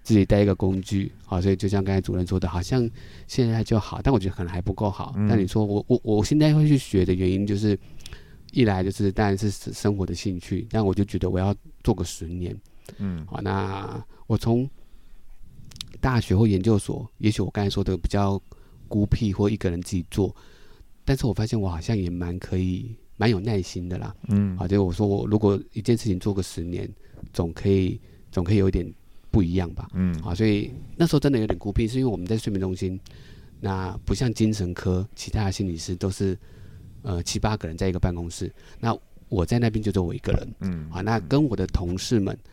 自己帶一個工具，好，所以就像剛才主任說的，好像現在就好，但我覺得可能還不夠好。嗯，但你說我我我現在會去學的原因，就是一來就是當然是生活的興趣，但我就覺得我要做個十年，嗯，好，那我從大學或研究所，也許我剛才說的比較孤僻或一個人自己做，但是我發現我好像也蠻可以，蠻有耐心的啦，嗯，好，就我說我如果一件事情做個十年，總可以總可以有一點。不一樣吧？嗯，啊，所以那時候真的有點孤僻，是因為我們在睡眠中心，那不像精神科，其他的心理師都是，呃，七八個人在一個辦公室，那我在那邊就只有我一個人，嗯，啊，那跟我的同事們，嗯、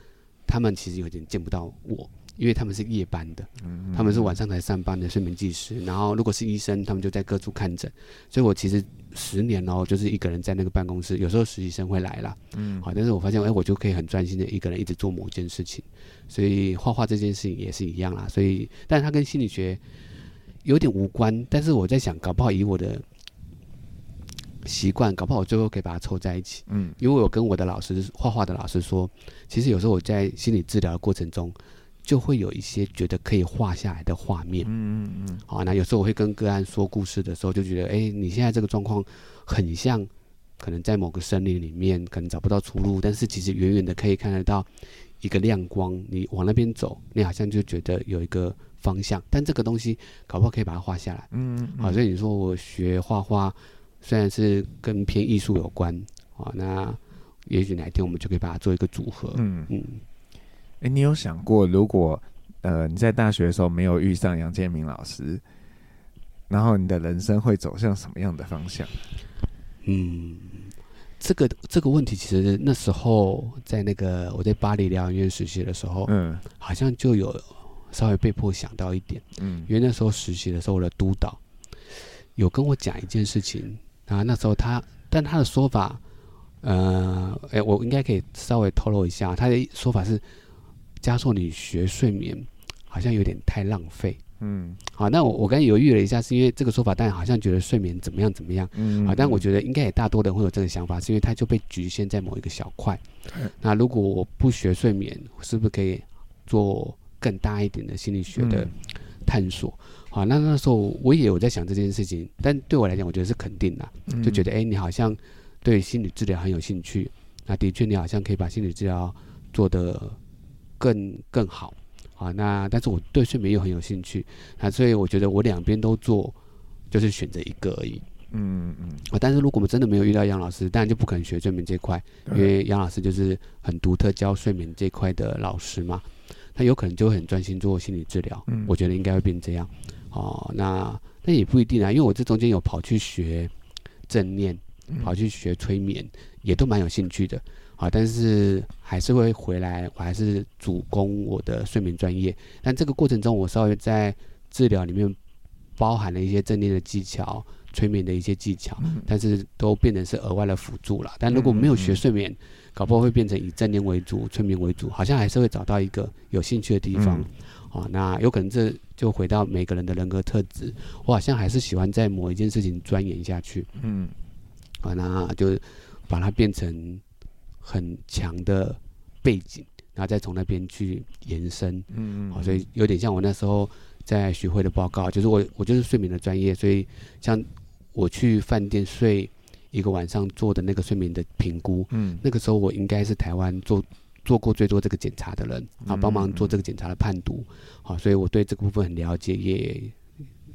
他們其實有點見不到我，因為他們是夜班的，嗯嗯、他們是晚上才上班的睡眠技師，然後如果是醫生，他們就在各處看診，所以我其實。十年哦，就是一個人在那個辦公室，有時候實習生會來了，嗯，好，但是我發現，哎、欸，我就可以很專心的一個人一直做某件事情，所以畫畫這件事情也是一樣啦。所以，但是它跟心理學有點無關，但是我在想，搞不好以我的習慣，搞不好我最後可以把它湊在一起，嗯，因為我跟我的老師，畫畫的老師說，其實有時候我在心理治療的過程中。就會有一些覺得可以畫下來的畫面，嗯嗯嗯。好，那有時候我會跟個案說故事的時候，就覺得，哎，你現在這個狀況很像，可能在某個森林裡面，可能找不到出路，但是其實遠遠的可以看得到一個亮光，你往那邊走，你好像就覺得有一個方向。但這個東西，搞不好可以把它畫下來，嗯嗯。好，所以你說我學畫畫，雖然是跟偏藝術有關，好，那也許哪一天我們就可以把它做一個組合，嗯嗯。嗯哎、欸，你有想過，如果，呃，你在大學的時候沒有遇上楊建銘老師，然後你的人生會走向什麼樣的方向？嗯，這個這個問題其實是那時候在那個我在八里療養院實習的時候，嗯，好像就有稍微被迫想到一點，嗯，因為那時候實習的時候，我的督導有跟我講一件事情，然後那時候他但他的說法，呃，哎、欸，我應該可以稍微透露一下，他的說法是。加速你學睡眠，好像有點太浪費。嗯，好，那我我剛才猶豫了一下，是因為這個說法，但好像覺得睡眠怎麼樣怎麼樣。嗯，嗯，好、啊，但我覺得應該也大多人會有這個想法，是因為它就被局限在某一個小塊。嘿那如果我不學睡眠，是不是可以做更大一點的心理學的探索？嗯、好，那那時候我也有在想這件事情，但對我來講，我覺得是肯定的，嗯嗯，就覺得哎、欸，你好像對心理治療很有興趣。那的確，你好像可以把心理治療做得。更更好啊！那但是我對睡眠又很有興趣啊，所以我覺得我兩邊都做，就是選擇一個而已。嗯嗯啊！但是如果我們真的沒有遇到楊老師，當然就不可能學睡眠這塊，因為楊老師就是很獨特教睡眠這塊的老師嘛。他有可能就會很專心做心理治療，嗯、我覺得應該會變這樣。哦、啊，那那也不一定啊，因為我這中間有跑去學正念，跑去學催眠，嗯、也都蠻有興趣的。啊，但是還是會回來，我還是主攻我的睡眠專業。但這個過程中，我稍微在治療裡面包含了一些正念的技巧、催眠的一些技巧，但是都變成是額外的輔助了。但如果沒有學睡眠，搞不好會變成以正念為主、催眠為主，好像還是會找到一個有興趣的地方。啊，那有可能這就回到每個人的人格特質。我好像還是喜歡在某一件事情鑽研下去。嗯，啊，那就把它變成。很強的背景，然後再從那邊去延伸，嗯，嗯，好、啊，所以有點像我那時候在學會的報告，就是我我就是睡眠的專業，所以像我去飯店睡一個晚上做的那個睡眠的評估，嗯，那個時候我應該是台灣做做過最多這個檢查的人，啊，幫忙做這個檢查的判讀，好、嗯嗯啊，所以我對這個部分很了解，也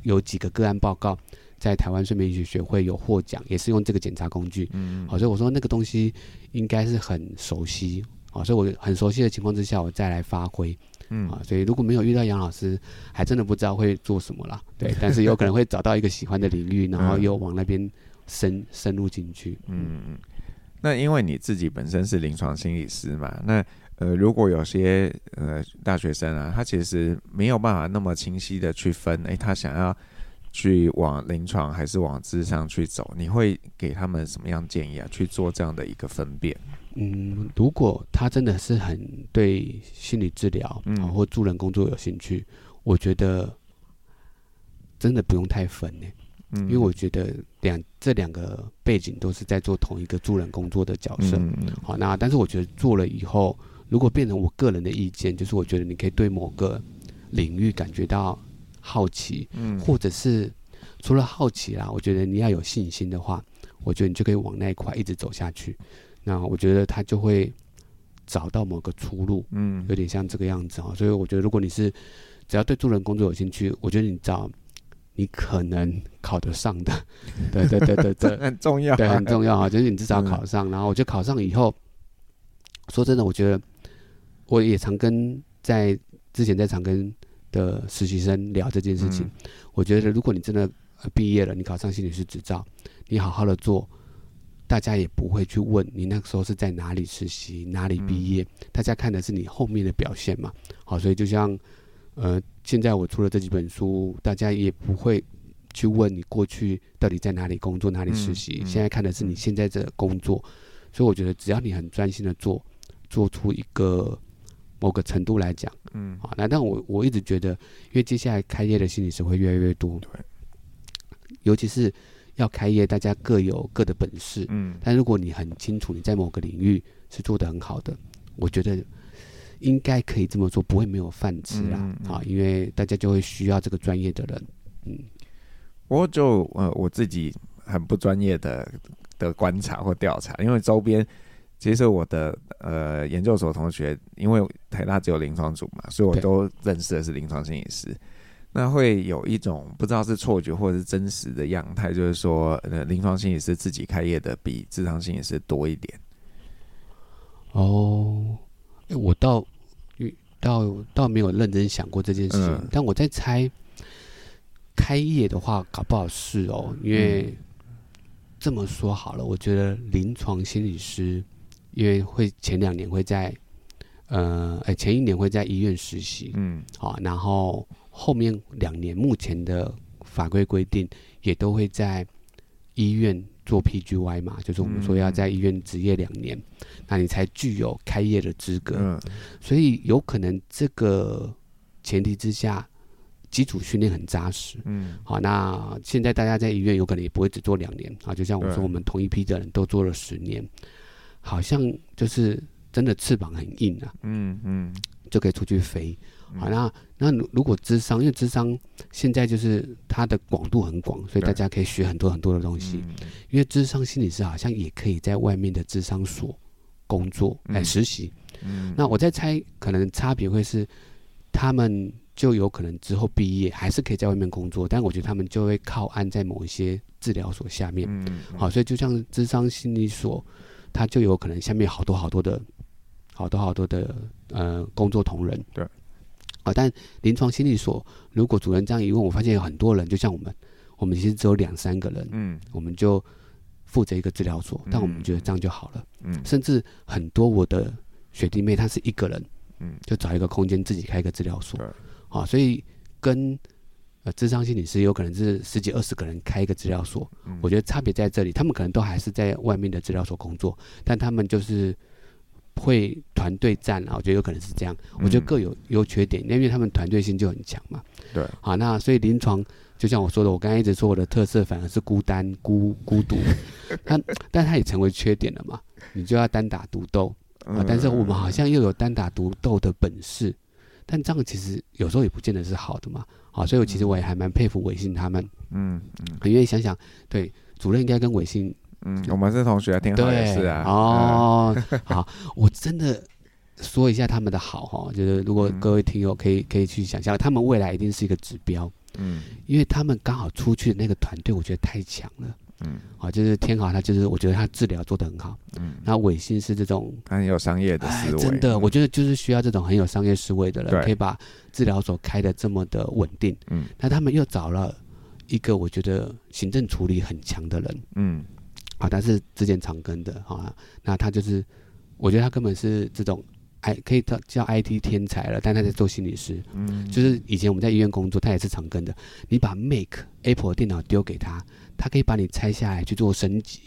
有幾個個案報告。在台灣睡眠醫學學會有獲獎，也是用這個檢查工具。嗯，好、哦，所以我說那個東西應該是很熟悉。好、哦，所以我很熟悉的情況之下，我再來發揮。嗯，啊，所以如果沒有遇到楊老師，還真的不知道會做什麼啦。嗯、對，但是有可能會找到一個喜歡的領域，嗯、然後又往那邊深深入進去。嗯嗯。那因為你自己本身是臨床心理師嘛，那呃，如果有些呃大學生啊，他其實沒有辦法那麼清晰的去分，誒、欸，他想要。去往臨床還是往諮商，去走。你會給他們什麼樣建議啊？去做這樣的一個分辨。嗯，如果他真的是很對心理治療，嗯，或助人工作有興趣，我覺得真的不用太分呢、欸。嗯、因為我覺得兩這兩個背景都是在做同一個助人工作的角色。嗯，嗯。好，那但是我覺得做了以後，如果變成我個人的意見，就是我覺得你可以對某個領域感覺到好奇，嗯，或者是除了好奇啦，嗯、我覺得你要有信心的話，我覺得你就可以往那一塊一直走下去。那我覺得他就會找到某個出路，嗯，有點像這個樣子啊、哦。所以我覺得，如果你是只要對助人工作有興趣，我覺得你找你可能考得上的，嗯、對，對，對對對對對， 很重要對，對很重要啊、哦， 就是你至少考上。然後我覺得考上以後，說真的，我覺得我也常跟在之前在長庚。的實習生聊這件事情，嗯、我覺得如果你真的畢業了，你考上心理師執照，你好好的做，大家也不會去問你那時候是在哪裡實習、哪裡畢業，嗯、大家看的是你後面的表現嘛。好，所以就像呃，現在我出了這幾本書，大家也不會去問你過去到底在哪裡工作、哪裡實習，嗯、現在看的是你現在的工作。嗯、所以我覺得只要你很專心的做，做出一個。某個程度來講，嗯，好、啊。那但我我一直覺得，因為接下來開業的心理師會越來越多，對，尤其是要開業，大家各有各的本事，嗯，但如果你很清楚你在某個領域是做得很好的，我覺得應該可以這麼做，不會沒有飯吃啦，嗯、啊，因為大家就會需要這個專業的人，嗯，我就呃我自己很不專業的的觀察或調查，因為週邊。其實我的呃研究所同學，因為台大只有臨床組嘛，所以我都認識的是臨床心理師。對那會有一種不知道是錯覺或者是真實的樣態，就是說、呃、臨床心理師自己開業的比諮商心理師多一點。哦誒，我倒倒倒沒有認真想過這件事情，嗯、但我在猜開業的話搞不好是哦，因為這麼說好了，我覺得臨床心理師。因為會前兩年會在，呃，哎，前一年會在醫院實習，嗯，好、啊，然後後面兩年，目前的法規規定也都會在醫院做 PGY 嘛，就是我們說要在醫院執業兩年，嗯、那你才具有開業的資格，嗯，所以有可能這個前提之下，基礎訓練很紮實，嗯，好、啊，那現在大家在醫院有可能也不會只做兩年啊，就像我說，我們同一批的人都做了十年。好像就是真的翅膀很硬啊，嗯嗯，就可以出去飛。好，那那如果諮商，因為諮商現在就是它的廣度很廣，所以大家可以學很多很多的東西。因為諮商心理師好像也可以在外面的諮商所工作，哎，實習。那我在猜，可能差別會是他們就有可能之後畢業還是可以在外面工作，但我覺得他們就會靠岸在某一些治療所下面。嗯，好，所以就像諮商心理所。他就有可能下面好多好多的，好多好多的呃工作同仁。對、啊，但臨床心理所如果主任這樣一問，我發現有很多人，就像我們，我們其實只有兩三個人，嗯，我們就負責一個治療所，嗯、但我們覺得這樣就好了，嗯，甚至很多我的學弟妹她是一個人，嗯、就找一個空間自己開一個治療所，對啊，所以跟。呃，諮商心理師有可能是十幾二十個人開一個治療所，我覺得差別在這裡，他們可能都還是在外面的治療所工作，但他們就是會團隊戰啊，我覺得有可能是這樣，我覺得各有優缺點，因為他們團隊性就很強嘛。對。好，那所以臨床就像我說的，我剛才一直說我的特色反而是孤單孤孤獨，但但他也成為缺點了嘛，你就要單打獨鬥啊，但是我們好像又有單打獨鬥的本事，但這樣其實有時候也不見得是好的嘛。啊，所以我其實我也還蠻佩服偉信他們。嗯嗯，很願意想想，對，主任應該跟偉信，嗯，是我們是同學、啊，挺好的是啊。對哦，嗯、好， 我真的說一下他們的好哈，就是如果各位聽友可以可以去想象，他們未來一定是一個指標。嗯，因為他們剛好出去的那個團隊，我覺得太強了。嗯，啊，就是天豪他就是我覺得他治療做得很好，嗯，那偉信是這種，很有商業的思維，真的，我覺、就、得、是、就是需要這種很有商業思維的人，嗯、可以把治療所開得這麼的穩定，嗯對，那他們又找了一個我覺得行政處理很強的人，嗯，啊，他是之前長庚的，啊，那他就是我覺得他根本是這種。I, 可以叫叫 IT 天才了，但他在做心理師。嗯嗯，就是以前我們在醫院工作，他也是常跟的。你把 Mac Apple 的電腦丟給他，他可以把你拆下來去做升級，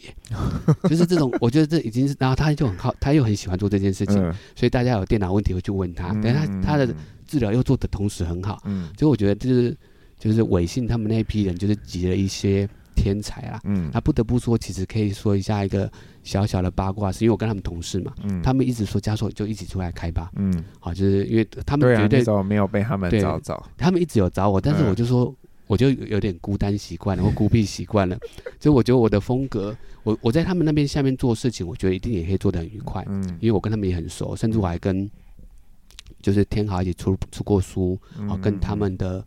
就是這種。我覺得這已經是，然後他就很好，他又很喜歡做這件事情，呃、所以大家有電腦問題會去問他。嗯嗯嗯，但他他的治療又做的同時很好，嗯、所以我覺得這就是就是偉信他們那一批人就是集了一些天才啊，嗯，那不得不說，其實可以說一下一個小小的八卦，是因為我跟他們同事嘛，嗯，他們一直說家碩就一起出來開吧，嗯，好、啊，就是因為他們絕對，對、啊、那時候沒有被他們找找，他們一直有找我，但是我就說，嗯、我就有點孤單習慣了，或孤僻習慣了，所以 我覺得我的風格，我我在他們那邊下面做事情，我覺得一定也可以做得很愉快，嗯，因為我跟他們也很熟，甚至我還跟就是天豪一起出出過書，啊，嗯、跟他們的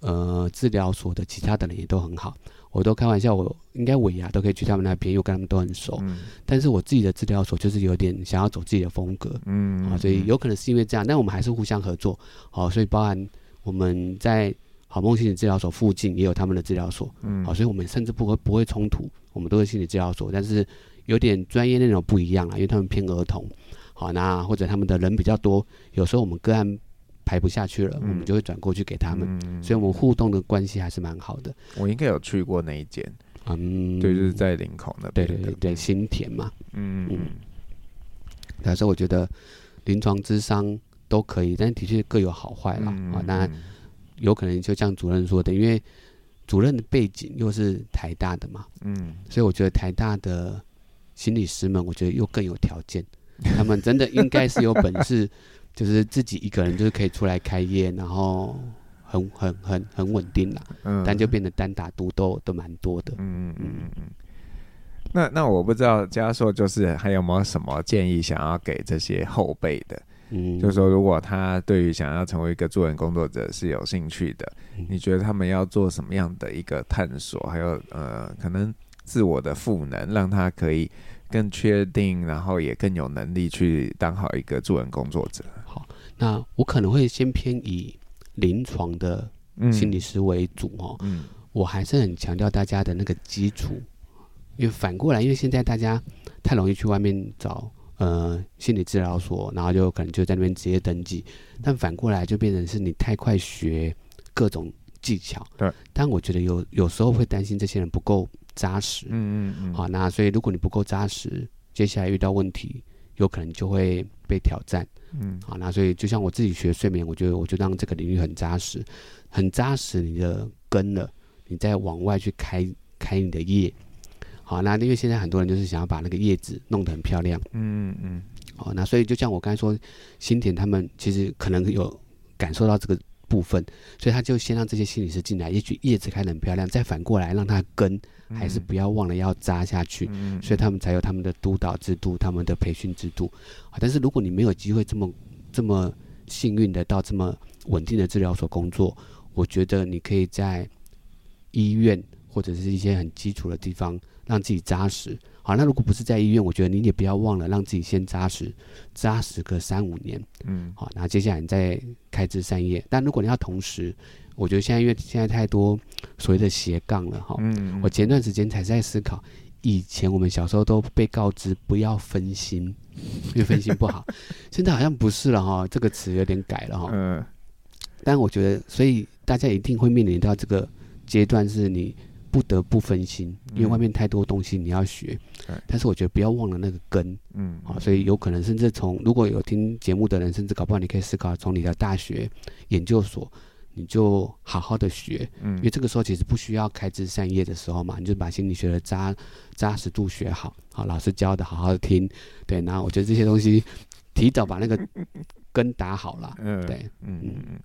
呃治療所的其他的人也都很好。我都開玩笑，我應該尾牙都可以去他們那邊，因為跟他們都很熟。嗯、但是，我自己的治療所就是有點想要走自己的風格，嗯，好、啊、所以有可能是因為這樣，但我們還是互相合作，好、啊，所以包含我們在好夢心理治療所附近也有他們的治療所，嗯，好、啊，所以我們甚至不會不會衝突，我們都是心理治療所，但是有點專業內容不一樣啊，因為他們偏兒童，好、啊、那或者他們的人比較多，有時候我們個案。抬不下去了，嗯、我們就會轉過去給他們，嗯嗯、所以我們互動的關係還是蠻好的。我應該有去過那一間，嗯、對，就是在林口那邊，對，對，對心田嘛。嗯，嗯，但是我覺得臨床諮商都可以，但的確各有好壞啦、嗯啊。那有可能就像主任說的，因為主任的背景又是台大的嘛，嗯，所以我覺得台大的心理師們，我覺得又更有條件，他們真的應該是有本事。 就是自己一個人就是可以出來開業，然後很很很很穩定了，嗯、但就變得單打獨鬥都蠻多的。嗯嗯嗯嗯。嗯，那那我不知道家碩就是還有沒有什麼建議想要給這些後輩的，嗯，就是說如果他對於想要成為一個助人工作者是有興趣的，你覺得他們要做什麼樣的一個探索，還有呃，可能自我的賦能，讓他可以更確定，然後也更有能力去當好一個助人工作者。那我可能會先偏以臨床的心理師為主哦，我還是很強調大家的那個基礎，因為反過來，因為現在大家太容易去外面找呃心理治療所，然後就可能就在那邊直接登記，但反過來就變成是你太快學各種技巧，對，但我覺得有有時候會擔心這些人不夠扎實，嗯嗯嗯，好，那所以如果你不夠扎實，接下來遇到問題。有可能就會被挑戰，嗯，好，那所以就像我自己學睡眠，我覺得我就讓這個領域很扎實，很扎實你的根了，你再往外去開開你的葉，好，那因為現在很多人就是想要把那個葉子弄得很漂亮，嗯嗯，好，那所以就像我剛才說，心田他們其實可能有感受到這個部分，所以他就先讓這些心理師進來。也許葉子開得很漂亮，再反過來讓他根，還是不要忘了要紮下去。嗯、所以他們才有他們的督導制度、他們的培訓制度、啊。但是如果你沒有機會這麼這麼幸運的到這麼穩定的治療所工作，我覺得你可以在醫院或者是一些很基礎的地方讓自己紮實。好，那如果不是在醫院，我覺得你也不要忘了讓自己先扎實，扎實個三五年。嗯，好，那接下來你再開枝散葉。但如果你要同時，我覺得現在因為現在太多所謂的斜槓了，哈。嗯嗯。我前段時間才在思考，以前我們小時候都被告知不要分心，因為分心不好。 現在好像不是了，哈，這個詞有點改了，哈。嗯。但我覺得，所以大家一定會面臨到這個階段，是你。不得不分心，因為外面太多東西你要學。嗯、但是我覺得不要忘了那個根。嗯、啊。所以有可能甚至從如果有聽節目的人，甚至搞不好你可以思考從你的大學、研究所，你就好好的學。嗯、因為這個時候其實不需要開枝散葉的時候嘛，你就把心理學的扎扎實度學好，好、啊、老師教的好好的聽。對，然後我覺得這些東西，提早把那個根打好了。嗯、對。嗯嗯嗯。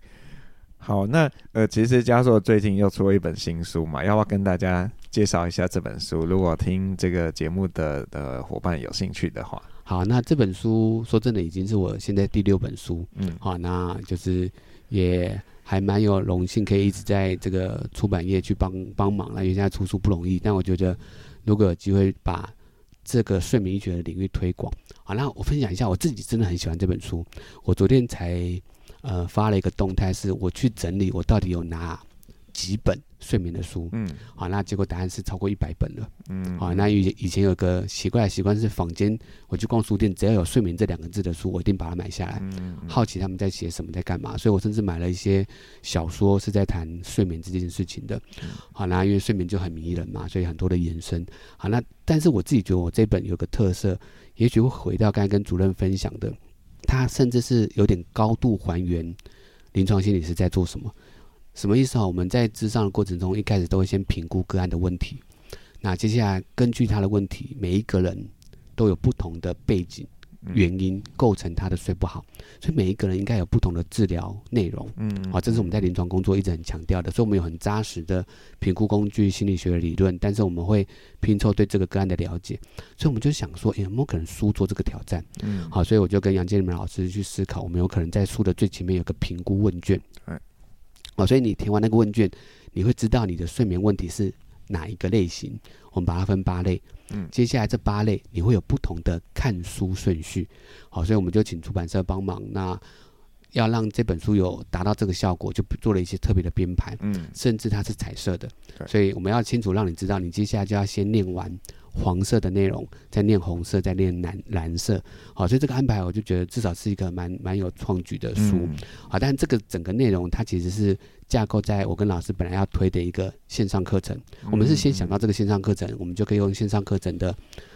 好，那呃，其實家碩最近又出了一本新書嘛，要不要跟大家介紹一下這本書？如果聽這個節目的的夥伴有興趣的話，好，那這本書說真的已經是我現在第六本書，嗯，好、哦，那就是也還蠻有榮幸，可以一直在這個出版業去幫幫忙了，因為現在出書不容易，但我覺得如果有機會把這個睡眠醫學的領域推廣，好，那我分享一下我自己真的很喜歡這本書，我昨天才。呃，發了一個動態，是我去整理，我到底有拿幾本睡眠的書。嗯，好、啊，那結果答案是超過一百本了。嗯，好、啊，那以前以前有個奇怪的習慣是，坊間我去逛書店，只要有“睡眠”這兩個字的書，我一定把它買下來。嗯嗯、好奇他們在寫什麼，在幹嘛？所以我甚至買了一些小說，是在談睡眠這件事情的。好、嗯啊，那因為睡眠就很迷人嘛，所以很多的延伸。好、啊，那但是我自己覺得我這本有個特色，也許會回到剛才跟主任分享的。他甚至是有點高度還原，臨床心理是在做什麼？什麼意思啊？我們在諮商的過程中，一開始都會先評估個案的問題，那接下來根據他的問題，每一個人都有不同的背景。原因構成他的睡不好，所以每一個人應該有不同的治療內容。嗯，嗯，好，這是我們在臨床工作一直很強調的，所以我們有很扎實的評估工具、心理學理論，但是我們會拼湊對這個個案的了解，所以我們就想說，欸、有沒有可能書做這個挑戰？嗯，嗯，好，所以我就跟楊建明老師去思考，我們有可能在書的最前面有個評估問卷。哎、好，所以你填完那個問卷，你會知道你的睡眠問題是哪一個類型，我們把它分八類。嗯，接下來這八類你會有不同的看書順序，好，所以我們就請出版社幫忙，那要讓這本書有達到這個效果，就做了一些特別的編排，嗯，甚至它是彩色的，對所以我們要清楚讓你知道，你接下來就要先念完。黃色的內容再念，紅色再念藍藍色，好、啊，所以這個安排我就覺得至少是一個蠻蠻有創舉的書，好、嗯啊，但這個整個內容它其實是架構在我跟老師本來要推的一個線上課程，嗯嗯我們是先想到這個線上課程，我們就可以用線上課程的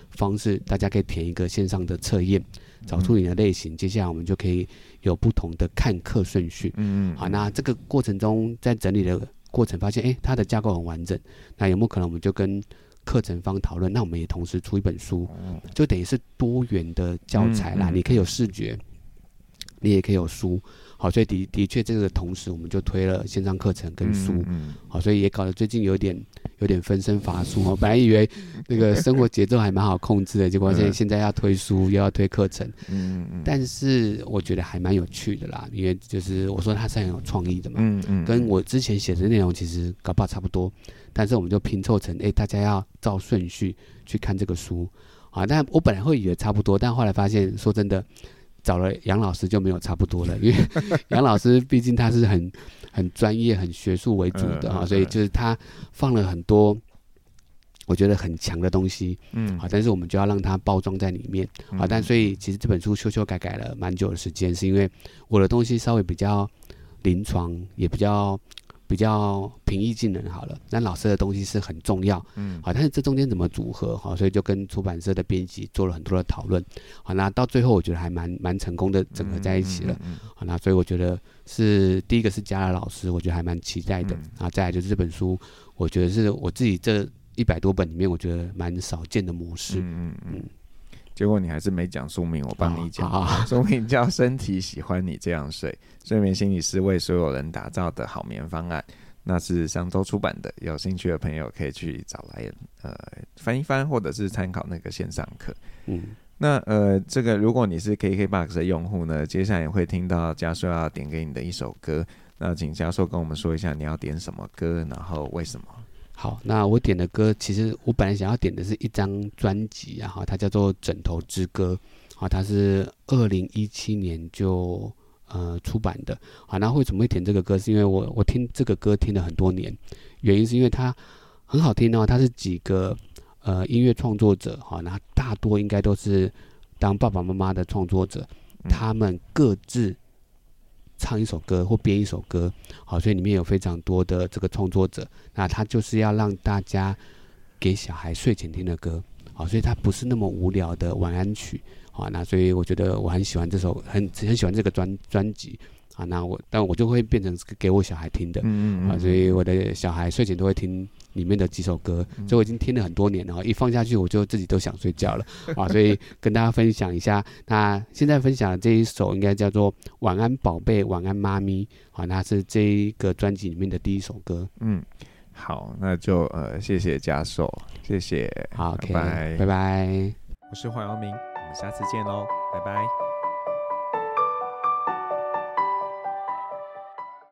方式，大家可以填一個線上的測驗，找出你的類型，接下來我們就可以有不同的看課順序，嗯好、嗯啊，那這個過程中在整理的過程發現，誒、欸，它的架構很完整，那有沒有可能我們就跟課程方討論，那我們也同時出一本書，就等於是多元的教材啦。嗯嗯嗯你可以有視覺，你也可以有書，好，所以的的確這個同時，我們就推了線上課程跟書，嗯嗯嗯好，所以也搞得最近有點。有點分身乏術哦，我本來以為那個生活節奏還蠻好控制的，結果現現在要推書又要推課程，嗯，但是我覺得還蠻有趣的啦，因為就是我說他是很有創意的嘛，嗯嗯，跟我之前寫的內容其實搞不好差不多，但是我們就拼湊成，誒、欸，大家要照順序去看這個書，啊，但我本來會以為差不多，但後來發現，說真的。找了楊老師就沒有差不多了，因為楊老師畢竟他是很 很專業、很學術為主的啊，所以就是他放了很多我覺得很強的東西，嗯，啊，但是我們就要讓他包裝在裡面啊，但所以其實這本書修修改改了蠻久的時間，是因為我的東西稍微比較臨床，也比較比較平易近人好了，那老師的東西是很重要，嗯，好，但是這中間怎麼組合，好，所以就跟出版社的編輯做了很多的討論，好，那到最後我覺得還蠻蠻成功的整合在一起了，好，那所以我覺得是第一個是加了老師，我覺得還蠻期待的，啊，再來就是這本書，我覺得是我自己這一百多本裡面我覺得蠻少見的模式，嗯嗯。結果你還是沒講書名，我幫你講。啊啊、書名叫《身體喜歡你這樣睡》， 睡眠心理師為所有人打造的好眠方案，那是上周出版的。有興趣的朋友可以去找來，呃，翻一翻，或者是參考那個線上課。嗯，那呃，這個如果你是 KKBOX 的用戶呢，接下來也會聽到家碩要點給你的一首歌。那請家碩跟我們說一下你要點什麼歌，然後為什麼。好，那我點的歌，其實我本來想要點的是一張專輯，然後它叫做《枕頭之歌》，它是二零一七年就呃出版的，好，那為什麼會點這個歌？是因為我我聽這個歌聽了很多年，原因是因為它很好聽的話，哦，它是幾個呃音樂創作者，哈，那大多應該都是當爸爸媽媽的創作者，他們各自。唱一首歌或編一首歌，好，所以裡面有非常多的這個創作者。那他就是要讓大家給小孩睡前聽的歌，好，所以他不是那麼無聊的晚安曲，好，那所以我覺得我很喜歡這首，很很喜歡這個專專輯，好，那我但我就會變成給我小孩聽的，嗯，好，所以我的小孩睡前都會聽裡面的幾首歌，所以我已經聽了很多年然後，哈，一放下去我就自己都想睡覺了啊，所以跟大家分享一下。 那現在分享的這一首應該叫做《晚安寶貝，晚安媽咪》，那、啊、是這一個專輯裡面的第一首歌。嗯，好，那就呃，謝謝家碩，謝謝，好，okay, 拜拜，拜拜。我是黃瑤明，我們下次見嘍，拜拜。